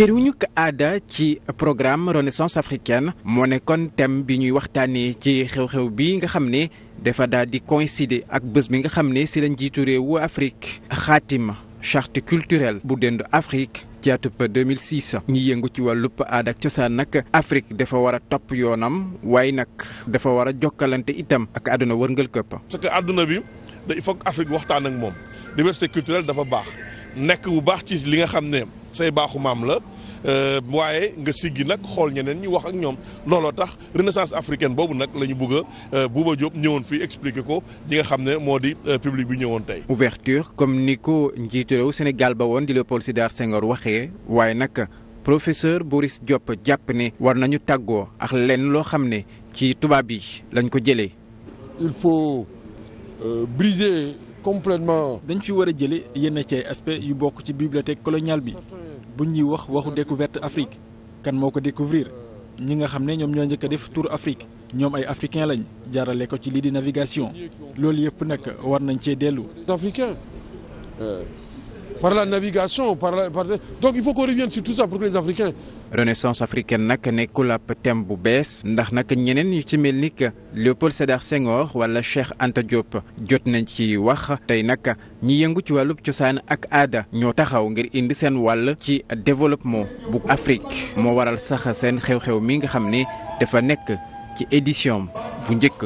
wu jëriñuk aada ci programme renaissance africaine moo nekkoon thème bi ñuy waxtaanee ci xew-xew bi nga xam ne dafa daal di coïncider ak bés bi nga xam ne si la njiitu réewu Afrique xaatima charte culturel bu dendu Afrique ci atub 2006. ñi yëngu ci wàllub aada ak cosaan nag Afrique dafa war a topp yoonam waaye nag dafa war a jokkalante itam ak àdduna wërngal këpp. parce que àdduna bi il faut Afrique waxtaan ak moom diversité culturelle dafa baax nekk bu baax li nga xam ne say la. Euh, waaye nga siggi nag xool ñeneen ñu wax ak ñoom looloo tax renaissance africaine boobu nag la ñu bëgg a euh, Bouba ñëwoon fii expliquer ko ñi nga xam ne moo di euh, public bi ñëwoon tey. ouverture comme ni ko njiitu réew Sénégal ba woon di Léopold Sédar Senghor waxee waaye nag professeur Boris jopp jàpp ne war nañu tàggoo ak lenn loo xam ne ci tubaab yi lañ ko jëlee. il faut euh, briser complètement. dañ fi war a jëlee yenn cee ay aspects bokk ci bibliothèque coloniale bi. bu ñuy wax waxu découverte Afrique kan moo ko découvrir ñi nga xam ne ñoom ñoo njëkk a def tour Afrique ñoom ay africain lañ jaarale ko ci lii di navigation loolu yëpp nag war nañ cee dellu. africain. Euh, par la navigation par la par donc il faut qu'on revienne sur tout ça pour que les Africains. renaissance africaine nag nekkul ab thème bu bees ndax nag ñeneen ñu ci mel ni que Léopold Sédar Senghor wala Cheikh Anta Diop jot nañ ci wax tey nag ñi yëngu ci wàllub cosaan ak aada ñoo taxaw ngir indi seen wàll ci développement bu Afrique moo waral sax seen xew-xew mi nga xam ni dafa nekk ci édition bu njëkk.